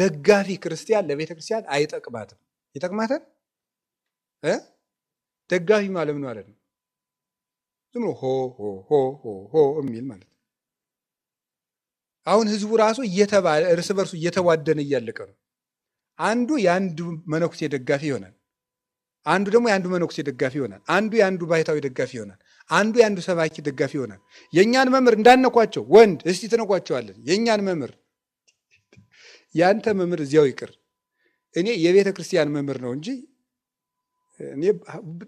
ደጋፊ ክርስቲያን ለቤተ ክርስቲያን አይጠቅማትም። ይጠቅማታል? ደጋፊ ማለት ምን ማለት ነው? ዝም ብሎ ሆ ሆ ሆ ሆ ሆ የሚል ማለት ነው። አሁን ህዝቡ ራሱ እየተባለ እርስ በርሱ እየተዋደነ እያለቀ ነው። አንዱ የአንዱ መነኩሴ ደጋፊ ይሆናል። አንዱ ደግሞ የአንዱ መነኩሴ ደጋፊ ይሆናል። አንዱ የአንዱ ባሕታዊ ደጋፊ ይሆናል። አንዱ የአንዱ ሰባኪ ደጋፊ ይሆናል። የእኛን መምህር እንዳነኳቸው ወንድ እስቲ ትነኳቸዋለን። የእኛን መምህር ያንተ መምህር እዚያው ይቅር። እኔ የቤተ ክርስቲያን መምህር ነው እንጂ እኔ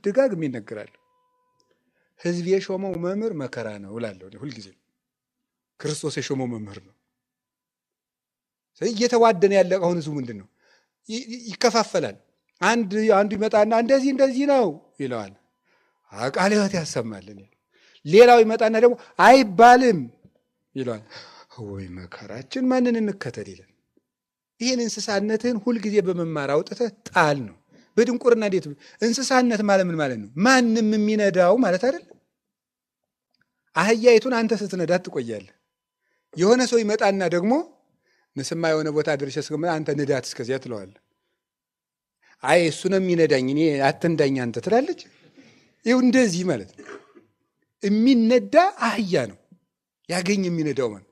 ድጋግም እነግራለሁ፣ ህዝብ የሾመው መምህር መከራ ነው እላለሁ። ሁልጊዜ ክርስቶስ የሾመው መምህር ነው። ስለዚህ እየተዋደነ ያለ አሁን ህዝቡ ምንድን ነው ይከፋፈላል። አንድ አንዱ ይመጣና እንደዚህ እንደዚህ ነው ይለዋል፣ ቃለ ሕይወት ያሰማል። ሌላው ይመጣና ደግሞ አይባልም ይለዋል። ወይ መከራችን ማንን እንከተል ይለን ይህን እንስሳነትህን ሁልጊዜ በመማር አውጥተህ ጣል ነው። በድንቁርና እንዴት እንስሳነት ማለት ምን ማለት ነው? ማንም የሚነዳው ማለት አይደለም። አህያይቱን አንተ ስትነዳት ትቆያለህ። የሆነ ሰው ይመጣና ደግሞ ንስማ የሆነ ቦታ ደርሼ አንተ ንዳት እስከዚያ ትለዋለህ። አይ እሱ ነው የሚነዳኝ እኔ አትንዳኝ አንተ ትላለች። ይኸው እንደዚህ ማለት ነው። የሚነዳ አህያ ነው ያገኝ የሚነዳው ማለት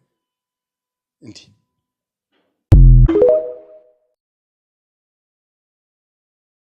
እንዲህ